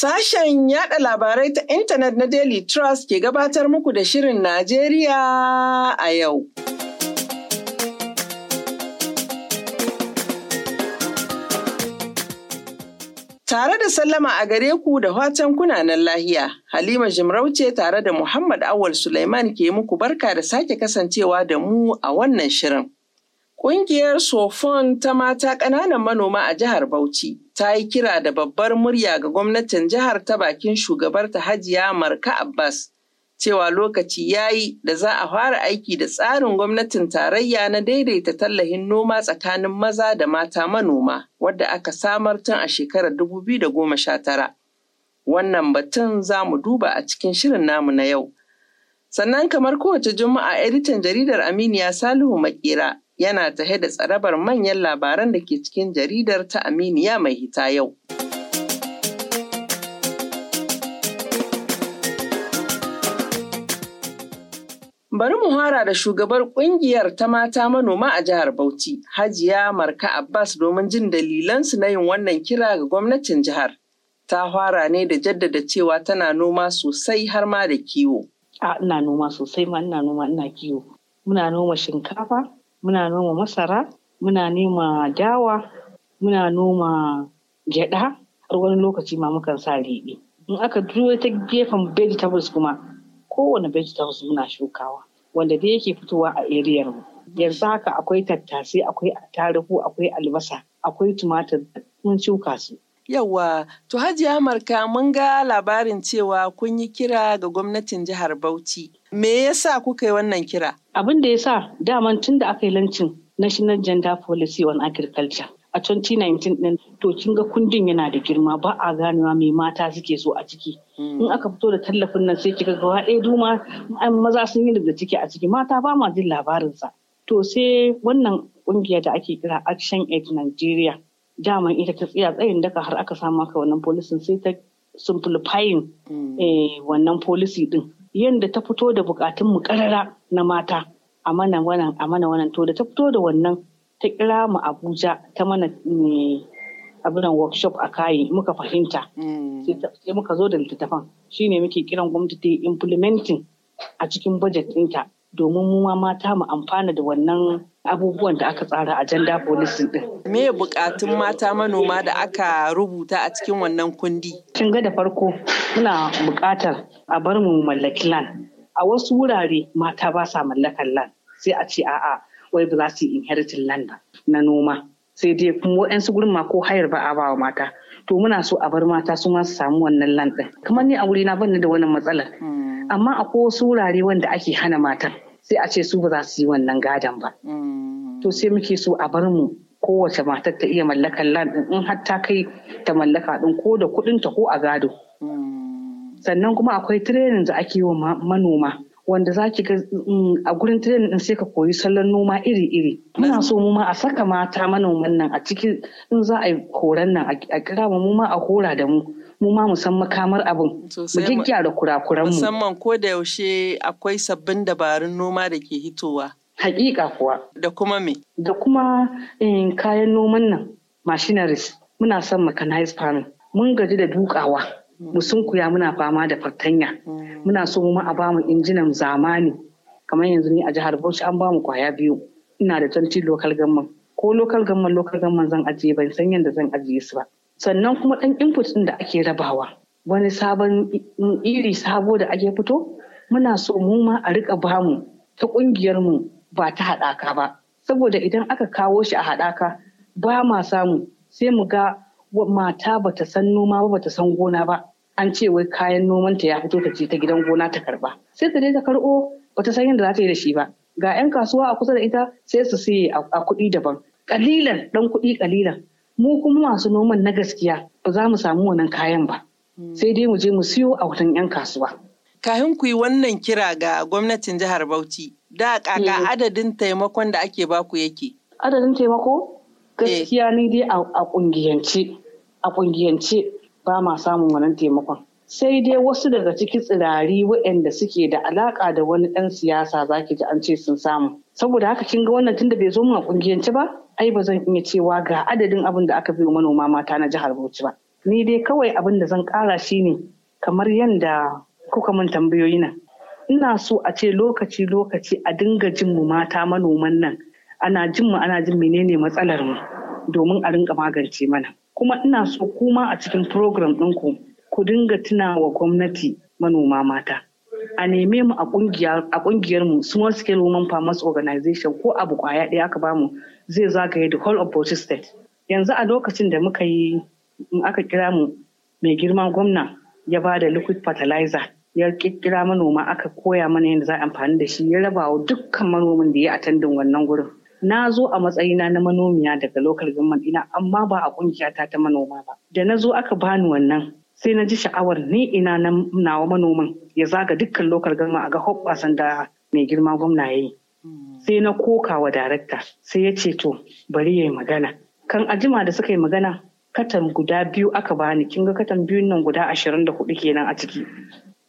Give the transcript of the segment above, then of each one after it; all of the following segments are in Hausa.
Sashen yada labarai ta intanet na Daily Trust ke gabatar muku da Shirin Najeriya a yau. Tare da sallama a gare ku da watan kunanan lahiya, Halima Jimarauce tare da Muhammad Awal Sulaiman ke muku barka da sake kasancewa da mu a wannan shirin. Ƙungiyar Sofon ta mata ƙananan manoma a jihar Bauchi ta yi kira da babbar murya ga gwamnatin jihar ta bakin shugabarta Hajiya Marka Abbas cewa lokaci ya yi da za a fara aiki da tsarin gwamnatin tarayya na daidaita tallahin noma tsakanin maza da mata manoma wadda aka samar tun a shekarar 2019. Wannan batun za mu duba a cikin shirin namu na yau. Sannan kamar kowace juma'a editan jaridar Aminiya Salihu Makera yana tahe da tsarabar manyan labaran da ke cikin jaridar ta Aminiya mai hita yau. Bari mu hara da shugabar kungiyar ta mata manoma a jihar Bauchi, Hajiya Marka Abbas domin jin dalilansu na yin wannan kira ga gwamnatin jihar. Ta fara ne da jaddada cewa tana noma sosai har ma da kiwo. A ina noma sosai ma ina noma ina kiwo. Muna noma shinkafa, muna noma masara muna nema dawa muna noma gyaɗa har wani lokaci ma mukan sa riɗi in aka duro ta gefen vegetables kuma kowane vegetables muna shukawa wanda dai yake fitowa a eriyar mu yanzu haka akwai tattasai akwai attarugu akwai albasa akwai tumatir mun shuka su Yawwa, to Hajiya Amurka mun ga labarin cewa kun yi kira ga gwamnatin jihar Bauchi. Me yasa kuka yi wannan kira? abin da ya sa daman tun da aka yi lancin national gender policy on agriculture a 2019 din to kin ga kundin yana da girma ba a ganewa mai mata suke so a ciki hmm. in aka fito da tallafin nan sai kika ga ɗaya duma maza sun yi da ciki a ciki mata ba ma jin labarinsa to sai wannan kungiya da ake kira action aid nigeria daman ita ta tsaya tsayin daka har aka samu aka wannan policy sai ta simplifying mm. eh, wannan policy din yadda ta fito da bukatun mu karara na mata a mana wannan a mana wannan to da ta fito da wannan ta kira mu Abuja ta mana eh, abinan workshop a kayi muka fahimta mm. sai muka zo da littattafan shine muke kiran gwamnati ta implementing a cikin budget ɗinta domin mu mata mu amfana da wannan abubuwan da aka tsara a janda policy din. Me bukatun mata manoma da aka rubuta a cikin wannan kundi? Kin ga da farko muna bukatar a bar mu mallaki lan A wasu wurare mata ba sa mallakar land sai a ce a'a wai ba za su yi inheriting land na noma. Sai dai kuma waɗansu gurin ma ko hayar ba a ba wa mata. To muna so a bar mata su ma su samu wannan lan ɗin. Kamar ni a wurina na ban da wannan matsalar. Hmm. amma akwai wasu wurare wanda ake hana matan sai a ce su ba za su yi wannan gadon ba mm. to sai muke so a bar mu kowace matar ta iya mallakar land in har ta kai ta mallaka ɗin ko da kuɗin ta ko a gado mm. sannan kuma akwai tirenin da ake wa manoma wanda za ki ga mm, a gurin training ɗin sai ka koyi salon noma iri-iri muna so mu ma a saka mata manoman nan a cikin in za a yi horon nan a kira mu ma a hora da mu mu ma mu san makamar abin mu gyaggyara kurakuran mu musamman ko da yaushe akwai sabbin dabarun noma da ke hitowa hakika kuwa da kuma me da kuma eh, kayan noman nan machineries muna son mechanized farming mun gaji da dukawa mu sunkuya muna fama da fartanya mm. muna so mu a bamu injinan zamani kamar yanzu ne a jihar Bauchi an bamu kwaya biyu ina da 20 local government ko local government local government zan ajiye ban san yadda zan ajiye su ba sannan kuma ɗan input ɗin da ake rabawa wani sabon iri sabo da ake fito muna so mu ma a riƙa bamu ta ƙungiyar mu ba ta haɗaka ba saboda idan aka kawo shi a haɗaka ba ma samu sai mu ga mata ba ta san noma ba ta san gona ba an ce wai kayan nomanta ya fito ta je ta gidan gona ta karba sai ta je ta karɓo ta san yadda za ta yi da shi ba ga 'yan kasuwa a kusa da ita sai su siye a kuɗi daban Ƙalilan, ɗan kuɗi ƙalilan. mu kuma masu noman na gaskiya ba za mu samu wannan kayan ba hmm. sai dai mu je mu siyo a wutan 'yan kasuwa. Kafin ku yi wannan kira ga gwamnatin jihar Bauchi, da kaka eh. adadin taimakon da ake baku yake. Adadin taimako? Eh. Gaskiya ne dai a kungiyance, a kungiyance ba ma samun wannan taimakon. Sai dai wasu daga cikin tsirari waɗanda suke da alaƙa da wani ɗan siyasa zaki ji an ce sun samu. saboda haka kin ga wannan tunda bai zo mun a kungiyance ba ai ba zan iya cewa ga adadin abin da aka biyo manoma mata na jihar Bauchi ba ni dai kawai abin da zan kara shine kamar yadda kuka mun tambayoyi nan ina so a ce lokaci lokaci a dinga jin mu mata manoman nan ana jin mu ana jin menene matsalar mu domin a rinka magance mana kuma ina so kuma a cikin program ɗinku ku dinga tuna wa gwamnati manoma mata a neme mu a kungiyar mu small scale women farmers organization ko abu kwaya ɗaya aka bamu zai zagaye the whole of Bauchi state yanzu a lokacin da muka yi aka kira mu mai girman gwamna ya ba da liquid fertilizer ya kira manoma aka koya mana yadda za a amfani da shi ya raba wa dukkan manomin da ya atandin wannan gurin na zo a matsayina na manomiya daga local government ina amma ba a kungiyata ta manoma ba da na zo aka bani wannan sai na ji sha'awar ni ina na nawa manoman ya zaga dukkan lokar gama a ga hoɓɓasan da mai girma gwamna ya yi. Hmm. Sai na koka wa darakta sai ya ce to bari ya yi magana. Kan ajima da suka yi magana katan guda biyu aka bani kin ga katan biyun nan guda ashirin da hudu kenan a ciki.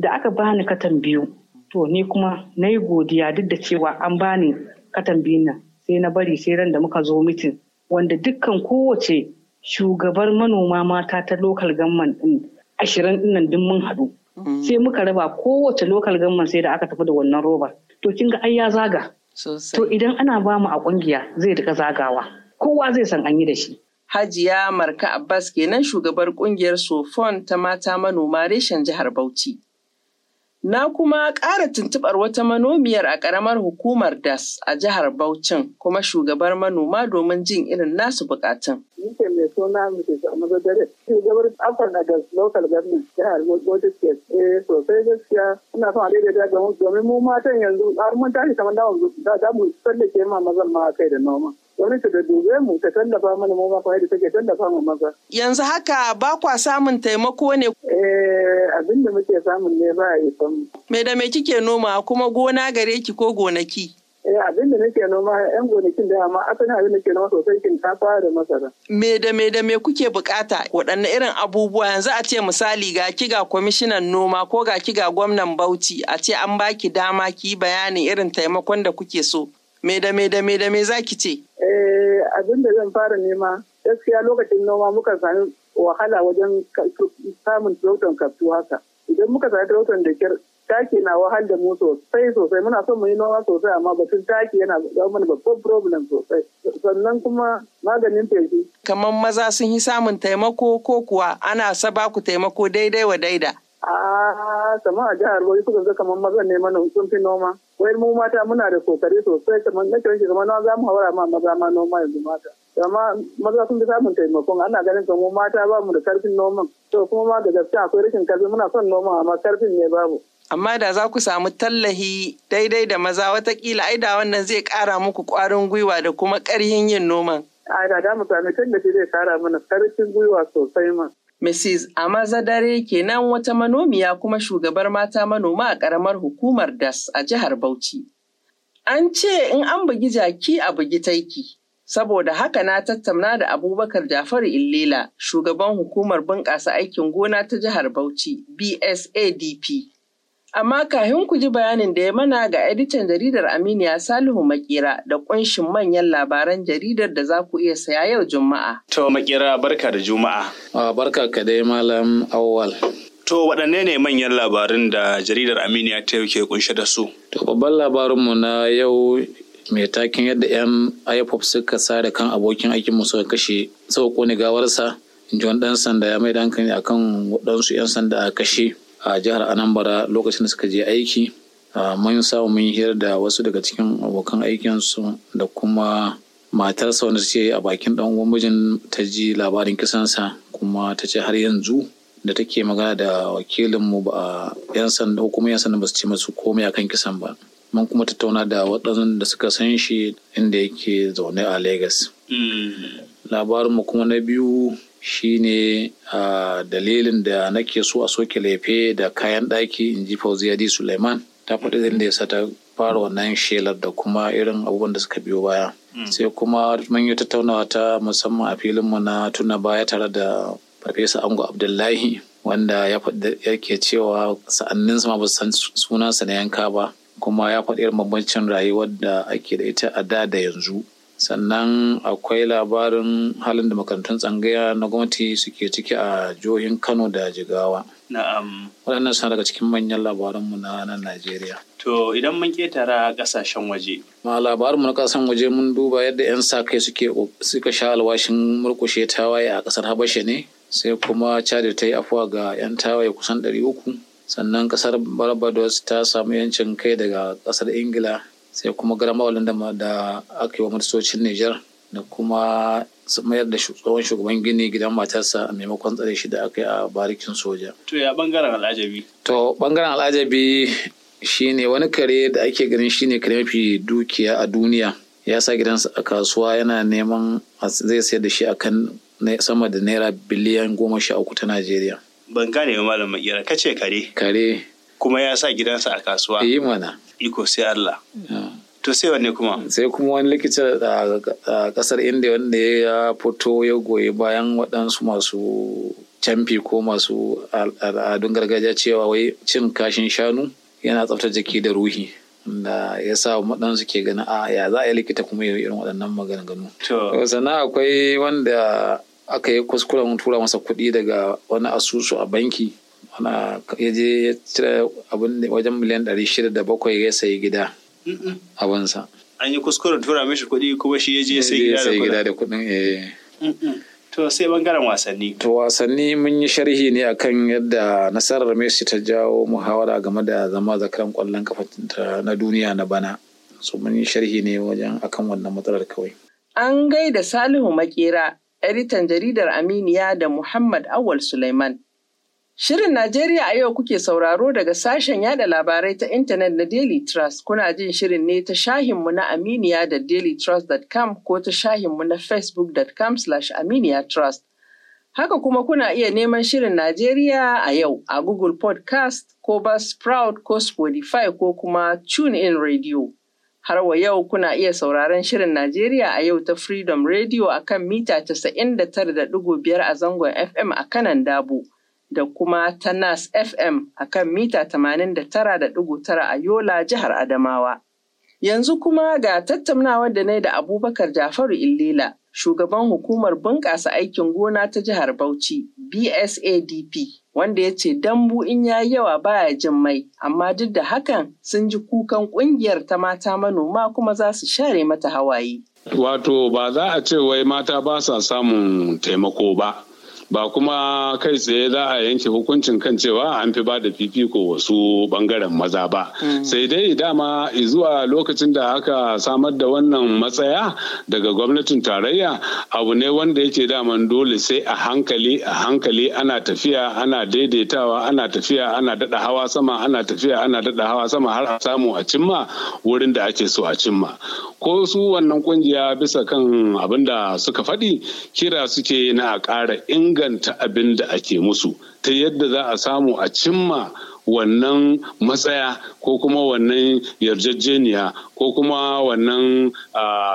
Da aka bani katan biyu to ni kuma na yi godiya duk da cewa an bani katan biyun nan sai na bari sai ran da muka zo mitin wanda dukkan kowace shugabar manoma mata ta lokal gamman din ashirin dinnan din mun haɗu mm. sai muka raba kowace lokal gamman sai da aka tafi da wannan robar to kin ga ai ya zaga to idan ana ba mu a ƙungiya zai rika zagawa kowa zai san an yi da shi Hajiya Marka Abbas kenan shugabar ƙungiyar Sofon ta mata manoma reshen jihar Bauchi. Na kuma ƙara tuntuɓar wata manomiyar a ƙaramar hukumar DAS a jihar Bauchin kuma shugabar manoma domin jin irin nasu buƙatun. Nike mai suna Mrs. Amadu Dare, shugabar Afar na DAS Local Government jihar Bauchi State. Eh sosai gaskiya ina son a daidaita domin mu matan yanzu har mun tashi kamar da mu ke ma mazan ma kai da noma. Wani su da dube mu ta tallafa mana mu mafa yadda take tallafa mu maza. Yanzu haka ba kwa samun taimako ne? Eh abin da muke samun ne ba a yi san. Me da me kike noma kuma gona gare ki ko gonaki? Eh abin da nake noma yan gonakin da amma asalin abin da ke noma sosai fara da masara. Me da me da me kuke bukata waɗanne irin abubuwa yanzu a ce misali ga ki ga kwamishinan noma ko ga ki ga gwamnan Bauchi a ce an baki dama ki bayanin irin taimakon da kuke so. me da me da me da me za ki ce eh abin da zan fara nema gaskiya lokacin noma muka sami wahala wajen samun talautan kaftu haka idan muka sami talautan da kyar taki na wahal da mu sosai sosai muna son mu yi noma sosai amma batun taki yana zama mana babban problem sosai sannan kuma maganin feshi kamar maza sun yi samun taimako ko kuwa ana saba ku taimako daidai wa daida A'a, sama a jihar Bauchi suka ga kamar mazan ne mana sun noma wai mu mata muna da kokari sosai kamar na kiran shi kamar na za mu haura ma maza ma noma yanzu mata amma maza sun fi samun taimakon ana ganin kamar mata ba mu da karfin noman to kuma ma da gaskiya akwai rashin karfi muna son noma amma karfin ne babu amma da za ku samu tallahi daidai da maza watakila ai da wannan zai kara muku kwarin gwiwa da kuma karhin yin noman. A da da mu sami tallafi zai kara mana karfin gwiwa sosai ma. Mrs. Amazadare kenan wata manomiya kuma shugabar mata manoma a ƙaramar hukumar DAS a jihar Bauchi. An ce in an bugi jaki a bugi taiki, saboda haka na tattauna da Abubakar Jafaru Illela, shugaban hukumar bunƙasa aikin gona ta jihar Bauchi, BSADP. Amma kafin ku ji bayanin da ya mana ga editan jaridar Aminiya Salihu Maƙera da ƙunshin manyan labaran jaridar da za ku iya saya yau Juma'a. To Makera barka da Juma'a. Barka ka dai Malam Awwal. To waɗanne ne manyan labarin da jaridar Aminiya ta yau ke kunshe da su? To babban labarinmu na yau mai takin yadda 'yan IFOP suka sare kan abokin aikinmu suka kashe suka kone gawarsa. Injiwan ɗan sanda ya mai da hankali akan waɗansu 'yan sanda a kashe. a jihar anambra lokacin da suka je aiki mun samu mun hira da wasu daga cikin abokan aikinsu da kuma matarsa wanda ce a bakin dan uwan mijin ta ji labarin kisansa kuma ta ce har yanzu da take magana da wakilinmu ba a yan sanda hukumar yan sanda ba su ce masu komai akan kisan ba mun kuma tattauna da waɗannan da suka san shi inda yake zaune a Legas. Mm. Labarinmu kuma na biyu shine dalilin da nake so a soke laife da kayan ɗaki in ji fauziyadi suleiman ta faɗi zai mm-hmm. da ya sa ta fara wannan shelar da kuma irin abubuwan da suka biyo baya mm. sai kuma mun yi tattaunawa ta musamman a filin mu na tuna baya tare da farfesa ango abdullahi wanda ya yake cewa sa'annin ma ba san sunansa na yanka ba kuma ya faɗi irin bambancin rayuwar da ake da ita a da da yanzu sannan akwai labarin halin da makarantun tsangaya na gwamnati suke ciki a jihohin kano da jigawa na'am waɗannan suna daga cikin manyan labaranmu na nan najeriya to idan mun ketara ƙasashen waje ma labarinmu na ƙasashen waje mun duba yadda 'yan sa kai suke suka sha alwashin murƙushe tawaye a ƙasar habasha ne sai kuma chad ta yi afuwa ga 'yan tawaye kusan 300 sannan ƙasar barbados ta samu 'yancin kai daga ƙasar ingila sai kuma garamawalin da aka yi wa ministocin Nijar da kuma mayar da tsohon shugaban gini gidan matarsa a maimakon tsare shi da aka yi a barikin soja. To ya bangaren al'ajabi? To bangaren al'ajabi shi ne wani kare da ake ganin shi ne kare mafi dukiya a duniya ya sa gidansa a kasuwa yana neman zai sayar da shi a kan sama da naira biliyan goma sha uku ta Najeriya. Ban gane malam ka ce kare. Kare. Kuma ya sa gidansa a kasuwa. Eh, mana. Iko sai Allah. Ah. to sai wanne kuma sai kuma wani likita a kasar india wanda ya fito ya goyi bayan waɗansu masu camfi ko masu al'adun gargajiya cewa wai cin kashin shanu yana tsaftar jiki da ruhi da ya sa waɗansu ke gani a ya za a yi likita kuma yau irin waɗannan maganganu sannan akwai wanda aka yi kuskuren tura masa kuɗi daga wani asusu a banki ya je ya cire abin wajen miliyan ɗari shida da bakwai ya sayi gida wansa. an yi kuskuren tura mishi kuɗi kuma shi ya je sai gida da kuɗin eh. to sai bangaren wasanni to wasanni mun yi sharhi ne akan yadda nasarar Messi ta jawo muhawara game da zama zakaran kwallon kafa na duniya na bana so mun yi sharhi ne wajen akan wannan matsalar kawai an gaida Salihu Makera editan jaridar Aminiya da Muhammad Awal Suleiman. Shirin Najeriya a yau kuke sauraro daga sashen yada labarai ta intanet na Daily Trust. Kuna jin shirin ne ta shahinmu na Aminiya da dailytrust.com ko ta shahinmu na facebook.com slash aminiyatrust. Haka kuma kuna iya neman shirin Najeriya a yau a Google Podcast ko Buzzsprout ko Spotify ko kuma TuneIn Radio. Har wa yau kuna iya sauraron shirin Najeriya a yau ta Freedom Radio a kan mita 99.5 a zangon FM a kanan dabu. da kuma ta Nas FM a kan mita 89.9 a Yola jihar Adamawa. Yanzu kuma ga tattaunawar da na da Abubakar Jafaru Illila, shugaban hukumar bunƙasa aikin gona ta jihar Bauchi, BSADP, wanda ya ce dambu in ya yawa baya jin mai, amma duk da hakan sun ji kukan ƙungiyar ta mata manoma kuma za su share mata hawaye. Wato ba za a ce wai mata ba sa samun taimako ba. ba kuma kai tsaye za a yanke hukuncin kan cewa an fi ba da fifiko wasu bangaren maza ba hmm. sai dai dama zuwa lokacin da aka samar da wannan matsaya daga gwamnatin tarayya abu ne wanda yake daman dole sai a hankali a hankali ana tafiya ana daidaitawa ana tafiya ana dada hawa sama ana tafiya ana dada hawa sama har a samu a cimma wurin da ake so a cimma ko su wannan kungiya bisa kan abin da suka faɗi kira suke na a ƙara in inganta abin da ake musu ta yadda za a samu a cimma wannan matsaya ko kuma wannan yarjejeniya ko kuma wannan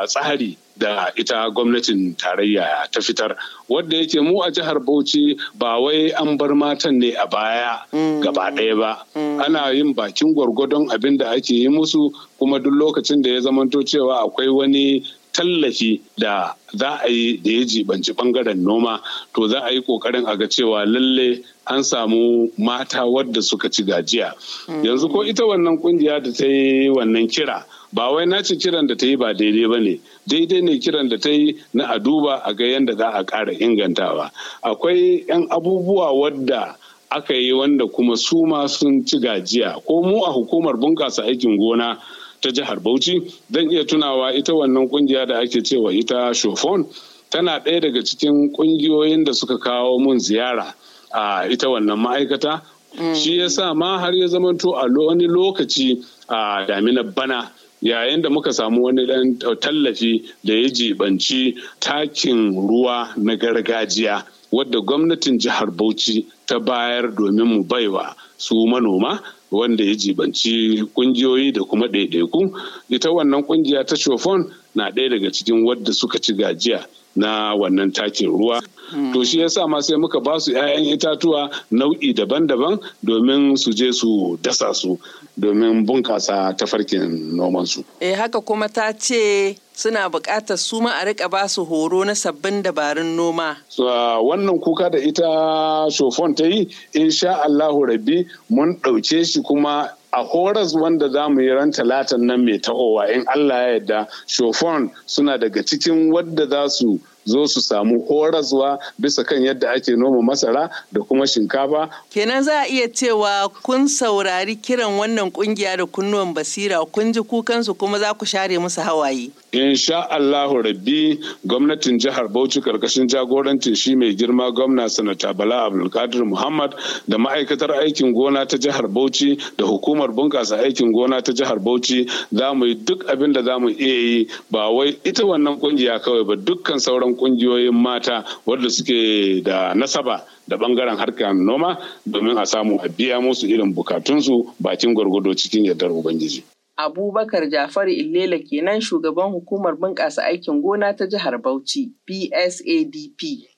tsari da ita gwamnatin tarayya ta fitar wadda yake mu a jihar bauchi ba wai an bar matan ne a baya mm. gaba ɗaya ba mm. ana yin bakin gwargwadon abin da ake yi musu kuma duk lokacin da ya zamanto cewa akwai wani tallafi da za a yi da ya jibanci bangaren noma to za a yi kokarin a ga cewa lalle an samu mata wadda suka ci gajiya mm. yanzu ko ita wannan kungiya da ta yi wannan kira ba wai na ce kiran da ta yi ba daidai ba ne daidai ne kiran da ta yi na a duba a ga yadda za a ƙara ingantawa akwai 'yan abubuwa wadda aka yi wanda kuma su ma sun ci gajiya ko mu a hukumar bunƙasa aikin gona ta jihar Bauchi zan iya tunawa ita wannan kungiya da ake cewa ita Shofon tana ɗaya daga cikin kungiyoyin da suka kawo mun ziyara a ita wannan ma'aikata mm. shi ya sa ma har ya zamanto a wani lokaci a daminar bana yayin da muka samu wani ɗan tallafi da ya jibanci takin ruwa na gargajiya wadda gwamnatin jihar bauchi ta bayar domin mu baiwa su manoma wanda ya jibanci kungiyoyi da kuma ɗaiɗaiku ita wannan kungiya ta shofon na ɗaya daga cikin wadda suka ci gajiya na wannan takin ruwa hmm. to shi yasa ma sai muka ba su 'ya'yan itatuwa nau'i daban-daban domin su je su dasa su domin bunƙasa tafarkin nomansu. E haka kuma ta ce suna buƙatar su ma a rika ba su horo na sabbin dabarun noma. wannan kuka da ita sofon ta yi insha Allahu rabbi mun ɗauke shi kuma a horas wanda za mu yi ran talatan nan mai tahowa in Allah ya yarda shofon suna daga cikin wadda za su zo su samu horaswa bisa kan yadda ake noma masara da kuma shinkafa. Kenan za a iya cewa kun saurari kiran wannan kungiya da kunnuwan basira kun ji kukansu kuma za ku share musu hawaye. insha Allahu rabbi gwamnatin jihar Bauchi karkashin jagorancin shi mai girma gwamna sanata Bala Abdulkadir Muhammad da ma'aikatar aikin gona ta jihar Bauchi da hukumar bunƙasa aikin gona ta jihar Bauchi za mu yi duk abin da za mu iya yi ba wai ita wannan kungiya kawai ba dukkan sauran kungiyoyin mata wadda suke da nasaba da bangaren harkar noma domin a samu a biya musu irin bukatunsu bakin gwargwado cikin yardar ubangiji abubakar jafaru illela kenan shugaban hukumar bunƙasa aikin gona ta jihar bauchi PSADP.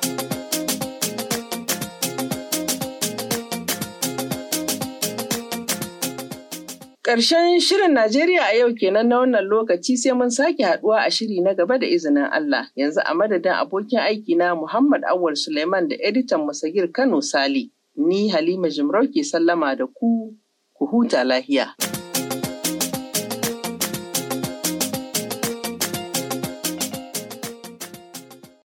Ƙarshen shirin Najeriya a yau kenan na wannan lokaci sai mun sake haduwa a shiri na gaba da izinin Allah. Yanzu a madadin abokin aiki na Muhammad Awal Suleiman da editan Musagir Kano Sali. Ni Halima jimrau ke sallama da ku, ku huta lahiya.